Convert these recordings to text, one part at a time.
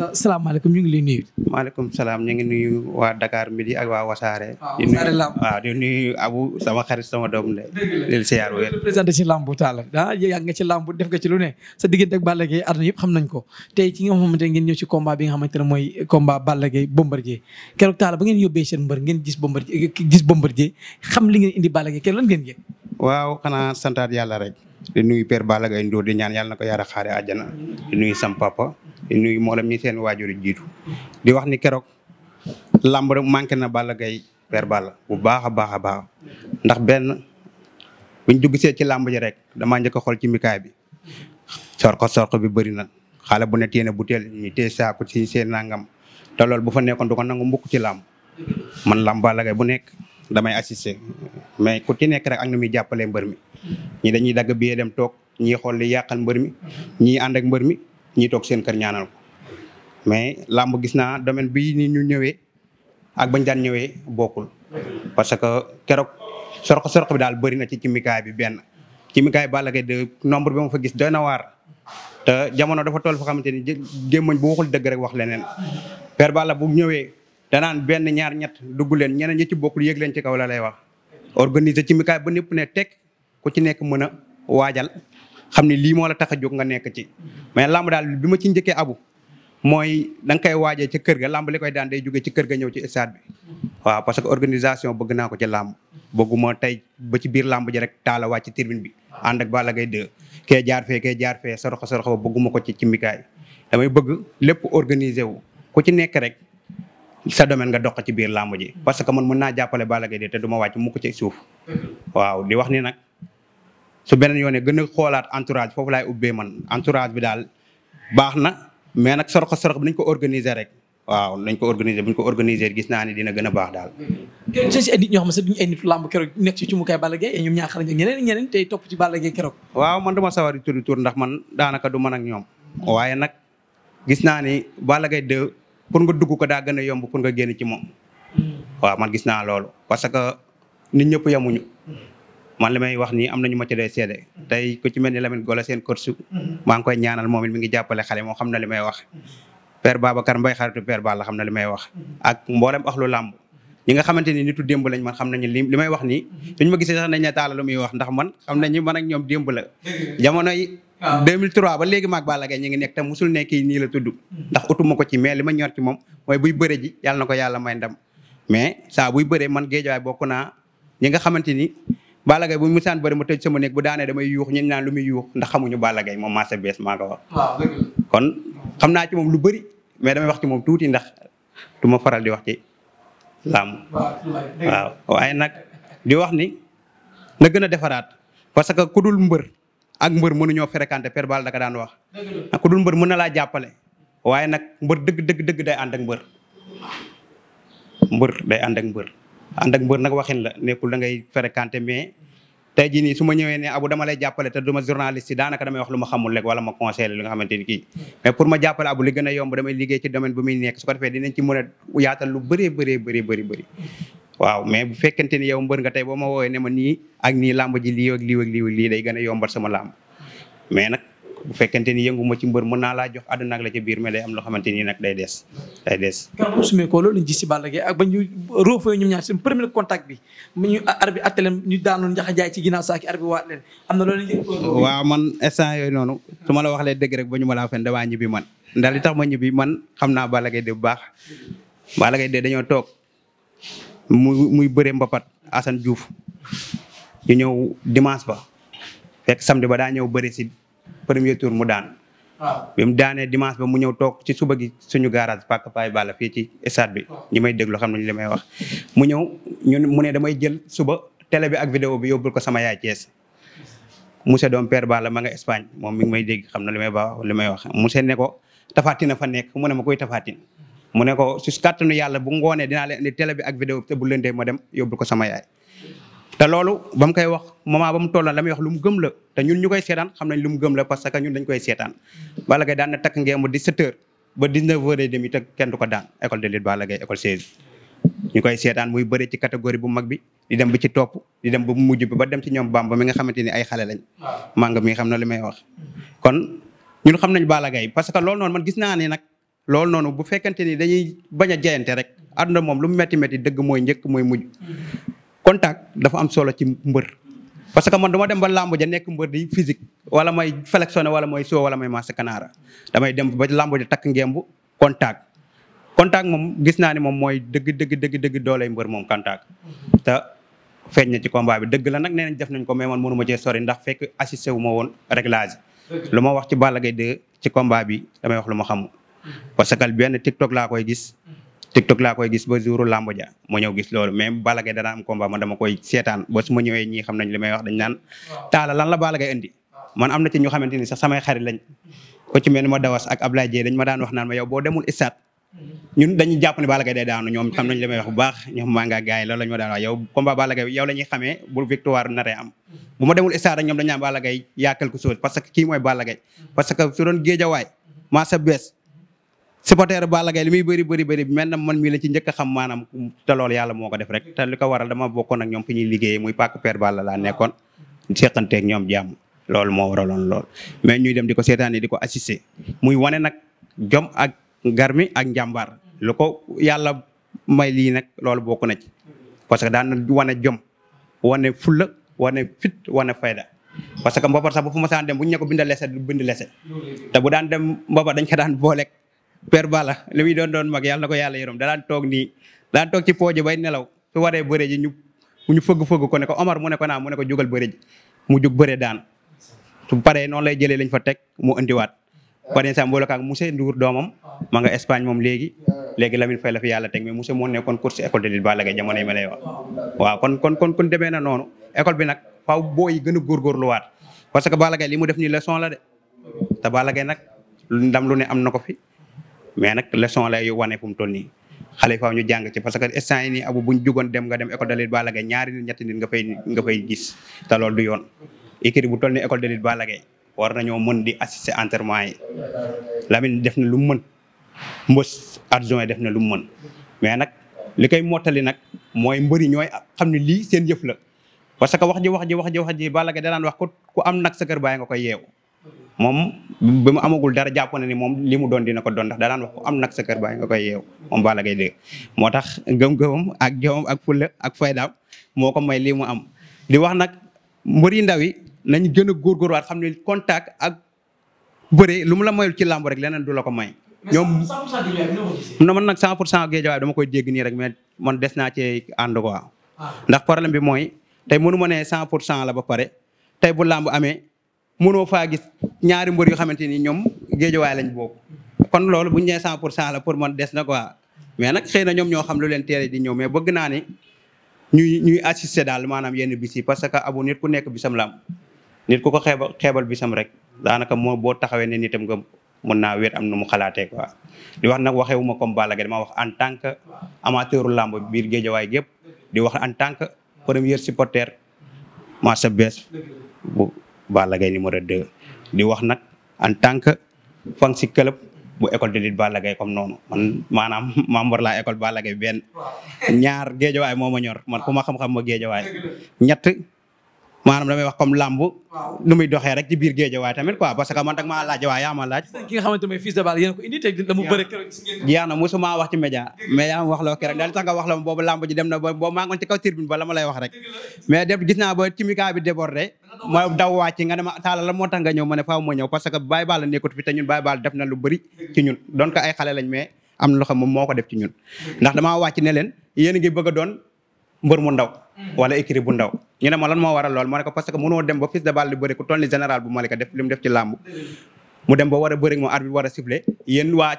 Euh, salaamaaleykum ñu ngi lay nuyu. maaleykum salaam ñu ngi nuyu waa Dakar midi ak waa Wasaare. di nuyu waaw Abu sama xarit sama doom de. dëgg la siyaar wér représenté ci lambu taala ah yàgg nga ci lambu def nga ci lu ne sa diggante ak Balla yëpp xam nañ ko tey ci nga xamante ngeen ñëw ci combat bi nga xamante ne mooy combat Balla Gaye Bombardier keroog ngeen yóbbee seen mbër ngeen gis Bombardier gis Bombardier xam li ngeen indi Balla Gaye keroog ngeen yëg. waaw xanaa yàlla rek. di nuyu Père Balla di ñaan yàlla na ko yaara xaare àjjana di nuyu sam papa di nuyu mboolem ñi seen waajur jiitu di wax ni keroog làmb rek manqué na Balla Gaye Père Balla bu baax a baax a baax ndax benn buñ dugg see ci làmb ji rek damaa njëkk xool ci mikaay bi sorko sorko bi bëri na xale bu ne téene bu teel ñu téye saako ci seen nangam te lool bu fa nekkoon du ko nangu mbukk ci làmb man làmb Balla Gaye bu nekk damay assister mais ku ci nekk ak na muy jàppale mbër mi ñi dañuy dagg biyee dem toog ñii xool li yàqal mbër mi ñii ànd ak mbër mi ñi toog seen kër ñaanal mais làmb gis naa domaine bi ni ñu ñëwee ak bañ daan ñëwee bokkul parce que keroog sorq sorq bi daal bëri na ci cimikaay bi benn cimikaay Balla Gaye de nombre bi ma fa gis doy na waar te jamono dafa toll foo xamante ni gémmañ bu waxul dëgg rek wax leneen Père Balla bu ñëwee te naan benn ñaar ñett dugg leen ñeneen ñi ci bokkul yëg leen ci kaw la lay wax organiser cimikaay ba ñëpp ne teg ku ci nekk mën a waajal xam ne lii moo la tax a jóg nga nekk ci mais làmb daal bi ma ci jëkkee abu mooy da nga koy waajee ca kër ga làmb li koy daan day jógee ci kër ga ñëw ci stade bi waaw parce que organisation bëgg naa ko ci làmb bëgguma tey ba ci biir làmb ji rek taala wàcc ci tribune bi ànd ak Balla Gaye jaar fee kee jaar fee soroxo bëgguma ko ci ci mikaay damay bëgg lépp organiser wu ku ci nekk rek sa domaine nga dox ci biir làmb ji parce que man mën naa jàppale Balla Gaye 2 te du ma wàcc mukk ci suuf waaw di wax ni nag su beneen yoonee gën a xoolaat entourage foofu laay ubbee man entourage bi daal baax na mais nag sorox sorox bi ko organiser rek waaw nañ ko organiser bu ñu ko organiser gis naa ne dina gën a baax daal. kenn ci ay nit ñoo xam ne sax duñu ay nit làmb keroog nekk ci cumukaay Balla Gaye ñoom ñaaxal nañu ñeneen ñeneen tey topp ci Balla Gaye waaw man duma sawar di tur ndax man daanaka du man ak ñoom. waaye nag gis naa ni Balla Gaye 2 pour nga dugg ko daa gën a yomb pour nga génn ci moom. Hmm. waaw man gis naa loolu parce que nit ñëpp yemuñu man li may wax nii am nañu ma ci seede tey ku ci mel ni Lamine Gola seen coach maa koy ñaanal moom mi ngi jàppale xale moom xam na li may wax père Babacar Mbaye xaritu père Balla xam na li may wax ak mboolem axlu làmb ñi nga xamante nitu démb lañ man xam nañu li li ma ñoom démb la ba léegi maag Balla Gaye ñu ngi nekk tam musul nekk nii la tudd ndax utuma ko ci mais li ma ñor ci moom mooy buy bëre ji yàlla na ko yàlla may ndam mais saa Balla Gaye bu mu musaan bëri ma tëj sama néeg bu daanee damay yuux ñen naan lu muy yuux ndax xamuñu Balla Gaye moom maasa bees maa ko wax kon xam naa ci moom lu bëri mais damay wax ci moom tuuti ndax du ma faral di wax ci làmb waaw waaye nag di wax ni na gën a defaraat parce que ku dul mbër ak mbër mënuñoo fréquenté Père Balla da ka daan wax kudul mbër mën na laa jàppale waaye nag mbër dëgg dëgg day ànd ak mbër mbër day ànd ak mbër ànd ak mbër nag waxin la nekkul da ngay fréquenté mais tey jii nii su ma ñëwee ne abu dama lay jàppale te duma journaliste yi daanaka damay wax lu ma xamul rek wala ma conseillé li nga xamante ni kii mais pour ma jàppale abu li gën a yomb damay liggéey a yaatal lu bëree bëree bëri bëri bëri waaw mais bu fekkente ni yow mbër nga tey boo ma woowee ne ma nii ak nii làmb ji lii ak lii ak lii ak lii day gën a yombal sama laam mais nag bu fekkente ni yëngu ma ci mbër mën naa laa jox àdduna ak la ca biir mais day am loo xamante ni nag day des day des. gàllankoor su si Balla Gaye ba ñu roofoo ñoom ñaar seen premier contact bi ñu arbi atte leen ñu daanoon njaxa jaay ci ginnaaw saaki arbi waat leen am na loolu lañ man instant yooyu noonu su ma la waxee dëgg rek ba ñu ma laa fen damaa ñibbi man ndax li tax ma ñibbi man xam naa Balla Gaye de baax Balla Gaye de dañoo toog muy muy mbapat Assane Diouf ñu ñëw dimanche ba fekk samedi ba daa ñëw bëri premier tour mu daan. waaw bi mu daanee dimanche ba mu ñëw toog ci suba gi suñu garage Paka Paye Balla fii ci stade bi. ñi may déglu xam nañ li may wax. mu ñëw ñun mu ne damay jël suba télé bi ak vidéo bi yóbbul ko sama yaay Thiès. monsieur doom père Balla ma nga Espagne moom mi ngi may dégg xam na li may baax li may wax monsieur ne ko tafatina fa nekk mu ne ma koy tafatin mu ne ko su kàttanu yàlla bu ngoonee dinaa leen indi télé bi ak vidéo bi te bu lëndee ma dem yóbbul ko sama yaay. te loolu ba mu koy wax moment a mu tolloon la muy wax lu mu gëm la te ñun ñu koy seetaan xam nañ lu mu gëm la parce que ñun dañ koy seetaan Balla Gaye daan na takk ngeemu 17 heures ba 19 heures et demi te kenn du ko daan école de lutte Balla Gaye école 16. ñu koy seetaan muy bëri ci catégorie bu mag bi di dem ba ci topp di dem ba mu mujj bi ba dem ci ñoom Bamba mi nga xamante ni ay xale lañ. manga mi xam na la may wax. kon ñun xam nañ Balla Gaye parce que lool noonu man gis naa ne nag loolu noonu bu fekkente ni dañuy bañ a jayante rek àdduna moom lu mu métti métti dëgg mooy njëkk mooy mujj. Mm-hmm. contact dafa am solo ci mbër parce que man duma dem ba làmb ja nekk mbër di physique wala may flexionné wala may sio wala may masse kanaara damay dem ba làmb ja takk ngemb contact contact moom gis naa ni moom mooy dëgg dëgg dëgg dëgg doolay mbër moom contact ta feeñ na ci combat bi dëgg la nag nee nañ def nañ ko mais man mënuma cee sori ndax fekk assisté wu ma woon réglage lu ma wax ci bala Gaye 2 ci combat bi damay wax lu ma xamul parce que benn TikTok laa koy gis TikTok laa koy gis ba jouru làmb ja ma gis loolu mais Balla Gaye dana am combat dama koy seetaan ba su ma xam nañ li may wax dañ taala lan la Balla Gaye indi man am na ci ñu xamante ni sax samay xarit lañ ko ci mel ma dawas ak Ablaye Dieng dañ ma daan wax naan ma yow boo demul istat ñun dañuy jàpp ne Balla Gaye day daanu ñoom xam nañ li may wax baax ñoom maa ngaa gars yi ma daan wax yow combat Balla Gaye yow la xamee bu victoire naree am bu supporter Balla Gaye li muy bëri bëri bëri mel na man mii la ci njëkk xam maanaam te loolu yàlla moo ko def rek te li ko waral dama bokkoon ak ñoom fi ñuy liggéeyee muy pàkk Père Balla laa nekkoon seqanteeg ñoom jàmm loolu moo waraloon lool mais ñuy dem di ko seetaan di ko assister muy wane nag jom ak garmi ak njàmbaar lu ko yàlla may lii nag loolu bokk na ci parce que daan wane jom wane fula wane fit wane fayda parce que mbabar sax bu fu ma saan dem bu ñu ne ko bind lese bind père Balla li muy doon doon mag yàlla na ko yàlla yërëm daan toog nii daan toog ci pooje bay nelaw su waree bëre ji ñu ñu fëgg-fëgg ko ne ko Omar mu ne ko naa mu ne ko jugal bëre ji mu jug bëre daan pare paree noonu lay jëlee lañ fa teg mu indiwaat par exemple boole kaag monsieur Ndour doomam ma nga Espagne moom léegi léegi Lamine Faye la fi yàlla teg mais monsieur moo nekkoon course école de lutte Balla Gaye yi ma lay wax waaw kon kon kon kon demee na noonu école bi nag faaw boo yi gën a góorgóorluwaat parce que Balla Gaye li def nii la de te Balla Gaye nag ndam lu ne am na ko fi mais nag leçon la yu wane fu mu toll nii xale yi ñu jàng ci parce que instant yi nii abu buñ jugoon dem nga dem école de lutte Balla Gaye ñaari nit nga fay gis te loolu du yoon écrit bu toll nii école de lutte Balla Gaye war nañoo mën di assister entraînement yi lamin def na lu mu mën mbës adjoint def na lu mu mën mais nag li koy mottali nag mooy mbëri ñooy xam ne lii seen yëf la parce que wax ji wax ji wax ji wax ji Balla Gaye da daan wax ku am nag sa kër bàyyi nga koy yeewu moom ba mu amagul dara jàpp na ni moom li mu doon dina ko doon ndax danaan wax ko am nag sa kër bàyyi nga koy yeew moom Balla Gaye dégg moo tax gëm-gëmam ak jomam ak fulla ak faydaam moo ko may lii mu am di wax nag mbër yi ndaw yi nañ gën a góorgóorwaat xam ne ak bëre lu mu la mayul ci làmb rek leneen du la ko may ñoom na man nag cent pour cent géejawaay dama koy dégg nii rek mais man des naa ci ànd quoi ah. ndax problème bi mooy tey mënu ma ne cent pour cent la ba pare tey bu làmb amee mënoo faa gis ñaari mbër yoo xamante ni ñoom géejawaay lañ bokk kon loolu bu ñu nee 100 pour cent la pour man des na quoi mais nag xëy na ñoom ñoo xam lu leen teere di ñëw mais bëgg naa ne ñuy ñuy assister daal maanaam yenn bis parce que abu nit ku nekk bisam lam am nit ku ko xeebal xeebal bisam rek daanaka moo boo taxawee ne nitam nga mën naa wéet am na mu xalaatee quoi di wax nag waxee wu ma comme Balla Gaye dama wax en tant que amateur làmb biir géejawaay gépp di wax en tant que premier supporter maa bees Balla Gaye numéro 2. di wax nag en tant que fan si club bu école de lutte Balla Gaye comme noonu man maanaam membre laa école Balla Gaye benn ñaar géejawaay moo ma ñor man ku ma xam-xam ma géejawaay ñett. maanaam damay wax comme làmb nu muy rek ci biir géejawaay tamit quoi parce que man tak laaj waaye yaa ma laaj. ki nga xamante ne fils de Balla yéen ko wax ci média mais yaa ma wax loo daal tax nga wax la boobu làmb ji dem na ba boobu maa ngoon ci kaw tribune ba lay wax rek mais dem gis naa ba timika bi débordé ma daw wàcc nga ne ma taala la moo tax nga ñëw ma ne faaw ma ñëw parce que Baye Balla nekkut fi te ñun Baye Balla def na lu bëri ci ñun donc ay xale lañ mais am na mbër mu ndaw mm. wala écurie ndaw ñu ma lan moo waral lool ma ne ko parce dem ba fils di bëri toll ni général bu Malika def li def ci làmb mu dem ba war a bëri moom arbitre war a sifflé yéen waa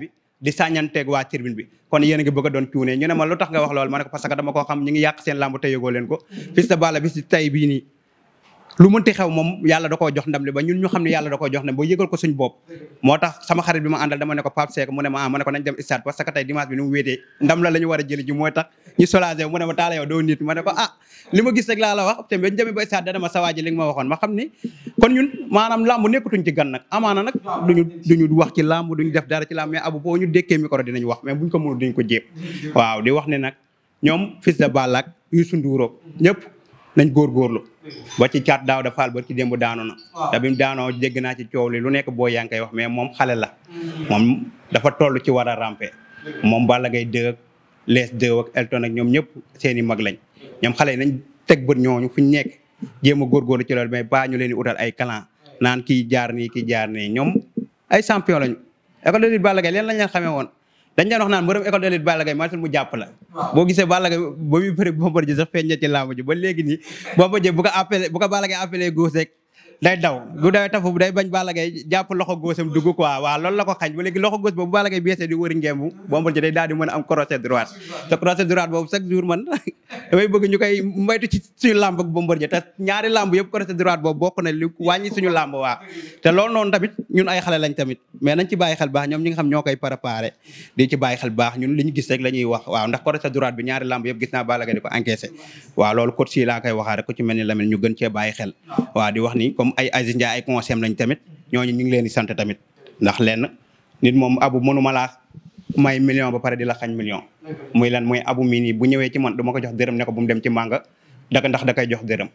bi di sàññanteeg waa tribune bi kon yéen a ngi bëgg a doon cuune ñu ma lu tax nga wax lool ma ne ko dama koo xam ñu ngi yàq seen làmb te yëgoo leen ko mm. fils bi si tay bii lu mënti xew moom yàlla da jox ndam li ñun ñu xam ne yàlla da jox ndam ba yëgal ko suñ bopp moo tax sama xarit bi ma àndal dama ne ko Pape Seck ne ma ah ma la a doo nit ma ne ko ah li ma gis rek laa la wax te bañ demee ba stade dana ma sawaaji li nga ma waxoon ma xam ni kon ñun maanaam làmb nekkatuñ ci gan nag amaana duñu duñu wax ci làmb ci làmb mais abu boo ñu dékkee micro dinañ wax mais buñ ko mënul duñ ko jéem waaw di wax ne nag ñoom fils nañ góorgóorlu ba ci caat daaw dafaal ba ci démb daano na te bi mu daanoo dégg ci coow li lu nekk boo yaa ngi koy wax mais moom xale la moom dafa toll ci war a rampe moom Balla Gaye 2 ak Lac 2 ak ak ñoom ñëpp seeni mag lañ ñoom xale yi nañ teg bët ñooñu fu ñu nekk jéem a góorgóorlu ci loolu mais ba ñu leen utal ay clan naan kii jaar nii kii jaar nii ñoom ay champion lañu école de lutte Balla leen lañ xamee woon dañ daan wax naan borom école de lutte Balla Gaye maa tax mu jàpp la boo gisee Balla Gaye ba muy bëri Bombardier sax feeñ na ci làmb ji ba léegi nii Bombardier bu ko appelé bu ko Balla Gaye appelé góos day daw bu day bañ Balla Gaye jàpp loxo góosam dugg quoi waaw loolu la ko xañ ba léegi loxo góos boobu Balla Gaye biesee di wëri ngeembu Bombardier ji day daal di mën a am crochet droite te crochet droite boobu chaque jour man damay bëgg ñu koy moytu ci suñu làmb ak Bombardier ji te ñaari làmb tamit ñun ay xale lañ tamit mais nañ xel baax ñoom ñi xam ñoo koy di ci xel baax ñun li gis rek wax waaw ndax crochet droite bi ñaari làmb yëpp gis naa Balla Gaye di ko encaissé waaw loolu coach yi laa koy waxaa rek ku ñu gën cee bàyyi xel waaw comme ay Aziz Ndiaye lañ tamit ñooñu ñu ngi leen di sant tamit ndax lenn nit moom abu mënuma laa may million ba pare di la xañ million muy lan mooy abu mii bu ñëwee ci man du ko jox dërëm ne ko bu mu dem ci manga daka ndax da koy jox dërëm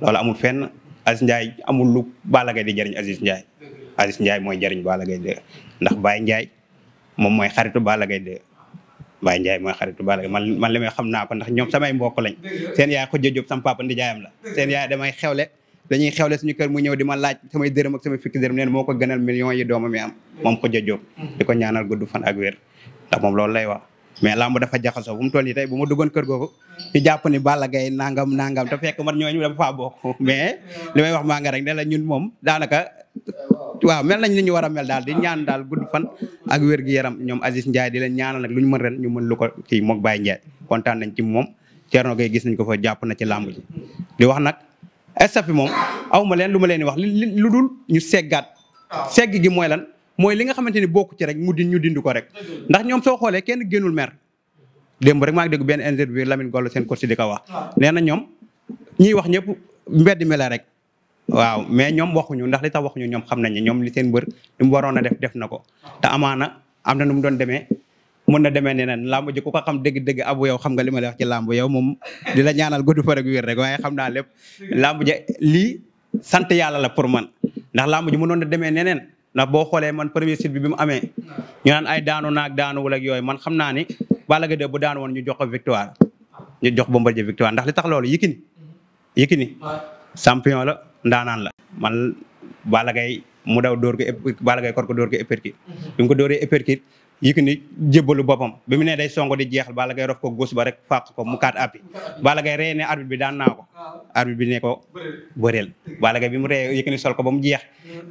loolu amul fenn Aziz Ndiaye amul lu Balla Gaye di jëriñ Aziz Ndiaye Aziz Ndiaye mooy jëriñ Balla Gaye de ndax Baye Ndiaye moom mooy xaritu Balla Gaye de Baye Ndiaye mooy xaritu Balla Gaye man man li may xam naa ko ndax ñoom samay mbokk lañ seen yaay xujja Jóob sam dañuy xewle suñu kër mu ñëw di ma laaj samay dërëm ak samay fukki dërëm leen moo ko gënal millions yi dooma mi am moom ko jojob mm-hmm. di ko ñaanal gudd fan ak moom loolu lay wax mais lamb dafa jaxasoo bu mu toll nii tey bu ma duggoon kër googu ñu jàpp ni Balla Gaye nangam nangam te fekk man ñooñu dama faa bokk mais li may wax maa nga rek ne ñun moom daanaka waaw mel nañ ni ñu war a mel daal di ñaan daal gudd fan ak wér gi yaram ñoom agis Ndiaye di leen ñaanal nag lu ñu mën ren ñu mën lu ko kii moog Baye Ndiaye kontaan nañ ci moom Thierno Gueye gis nañ ko fa jàpp na ci lamb ji di wax nag staff bi moom aw ma leen lu ma leen di wax lu dul ñu seggaat ah. segg gi mooy lan mooy li nga xamante ni bokku ci rek mu di ñu dindi ko rek ndax ñoom soo xoolee kenn génnul meer démb rek maa ngi benn interview lamin Gollo seen coach di ko wax ah. nee na ñoom ñiy wax ñëpp mbedd mi la rek waaw mais ñoom waxuñu ndax li tax waxuñu ñoom xam nañ ñoom li seen mbër li mu waroon a def def na ko ah. te amaana am na nu doon demee mën na demee neneen làmb ji ku ko xam dëgg-dëgg abu yow xam nga li ma lay wax ci làmb yow moom di la ñaanal gudd fa rek wér rek waaye xam naa lépp làmb ji lii sant yàlla la pour man ndax làmb ji mënoon na demee neneen ndax boo xoolee man premier site bi bi mu amee ñu ay daanu naag daanu wala ak yooyu man xam naa ni Balla Gaye bu daanu woon ñu jox ko victoire ñu jox Bombardier victoire ndax li tax loolu Yékini Yékini champion la ndaanaan la man bala gay mu daw dóor ko Balla Gaye kor ko dóor ko épercute Yékini jébbalu boppam bi mu ne day songo di jeexal bala Gaye rof ko góos ba rek fàq ko mu kaat appi Balla Gaye ree ne arbitre bi daan naa ko arbitre bi ne ko bëreel Balla Gaye bi mu ree Yékini sol ko ba mu jeex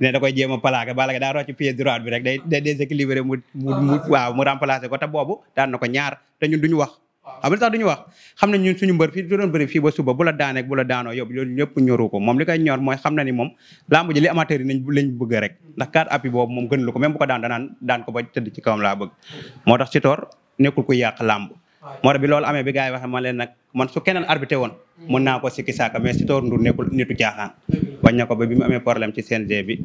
ne da koy jéem a plaqué Balla Gaye daa rocc pied droit bi rek day day déséquilibré mu mu waaw mu remplacé ko te boobu daan na ko ñaar te ñun duñu wax xam ah, nga tax du ñu wax xam suñu mbër fii du doon bëri fii ba suba bu la daaneek bu la daanoo yóbbu loolu ñëpp ñoru ko moom li koy ñor mooy xam na ni moom lamb ji li amateur yi nañ lañ bëgg rek ndax carte appui boobu moom gën ko même bu ko daan daan ko ba tëdd ci kawam laa bëgg moo tax Sitor nekkul ku yàq lamb moo tax bi loolu amee bi gars yi waxee leen nag man su keneen arbitré woon mën naa ko sikki saaka mais Sitor Ndour nekkul nitu caaxaan bañ na ko ba bi mu amee problème ci seen bi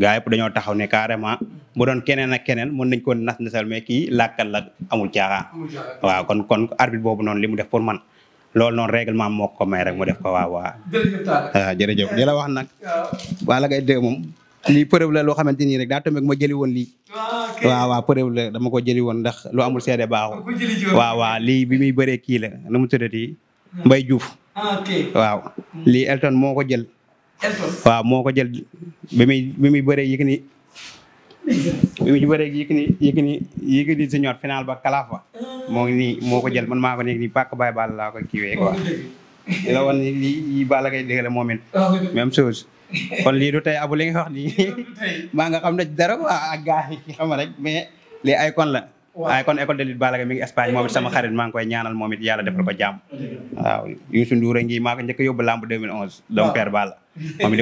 gars yëpp dañoo taxaw ne carrément mu doon keneen ak keneen mën nañ ko nas me mais kii làkkal la amul caaxaan waaw kon kon arbitre boobu noonu li mu def pour man lool noonu règlement moo ko may rek mu def ko waaw waaw waaw ah, jërëjëf di la wax nag Balla Gaye 2 moom lii preuve loo xamante nii rek daa ma jëli woon lii ah, waaw waaw dama ko jëli woon ndax lu amul seede baaxul waaw lii bi muy bëree kii la nu mu tuddati hmm. Mbaye Diouf ah, hmm. moo ko jël waaw moo ko jël bi muy bëree yëg bi ñu bëree Yékini Yékini Yékini senior final ba kalaaf ba moo ngi nii ko jël man maa ko nekk nii pàkk Baye Balla laa ko kiiwee quoi di la wan ni lii moom it même kon lii du tey abu li nga wax ni maa nga xam ne dara a ak gars yi xam rek mais lii ay kon la waaye école de lutte Balla Gaye mi ngi Espagne moom sama xarit maa koy ñaanal moom it yàlla def ko jàmm waaw Youssou Ndour a ngi maa ko njëkk yóbbu lamb 2011 donc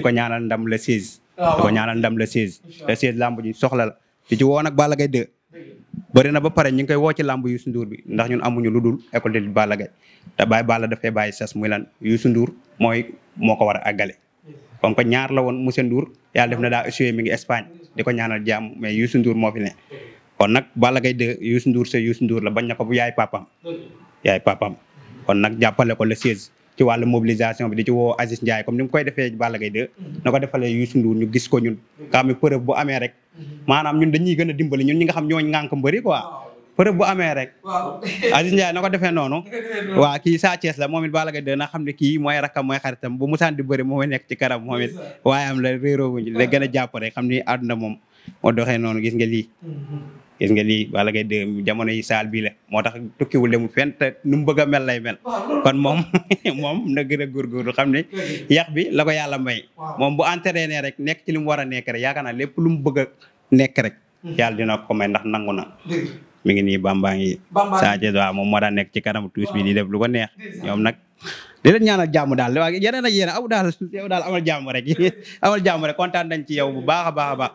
ko ñaanal ndam le 16 di ko ñaanal ndam le 16. le 16 lamb ji soxla la di ci woo nag Balla Gaye 2. bëri na ba pare ñu ngi koy woo ci lamb Youssou Ndour bi ndax ñun amuñu lu dul école de Balla Gaye te bàyyi Balla dafay bàyyi sas muy lan Youssou nduur mooy moo ko war a àggale. comme ñaar la woon monsieur Ndour yàlla def na daa assuré mi ngi Espagne di ko ñaanal jàmm mais Youssou nduur moo fi ne. kon nag Balla Gaye 2 Youssou nduur sa Youssou Ndour la bañ na ko bu yaay papaam yaay papaam kon nag jàppale ko le 16 ci wàllu mobilisation bi di ci woo Aziz Ndiaye comme ni mu koy defee Balla Gaye 2 na ko defalee Youssou Ndour ñu gis ko ñun nga xam bu amee rek maanaam ñun dañuy gën a dimbali ñun ñi nga xam ñooñ ngànk mbëri quoi preuve bu amee rek Aziz na ko defee noonu waa kii Sa Thiès la moom it ba Gaye 2 na xam ne kii mooy rakkam mooy xaritam bu musaan di bëri moom nekk ci karam moom it waaye am la réeroowuñ da gën a jàpp rek xam ni àdduna moom moo doxee noonu gis nga lii mm-hmm. gis nga lii Balla Gaye 2 jamono yi saal bii la moo tax tukkiwul demul fenn te nu mu bëgg a mel lay mel kon moom moom na gën a góorgóorlu xam ne yax bi la ko yàlla may moom bu entraîné rek nekk ci li mu war a nekk rek yaakaar naa lépp lu mu bëgg a nekk rek yàlla ko may ndax nangu na mi ngi nii bambaa ngi Sadio waaw moom moo daan nekk ci kanam tuus bi di def lu ko neex ñoom nag di leen ñaanal jàmm daal waaye yeneen ak yeneen aw daal yow daal amal jàmm rek amal jàmm rek kontaan nañ bu baax a baax a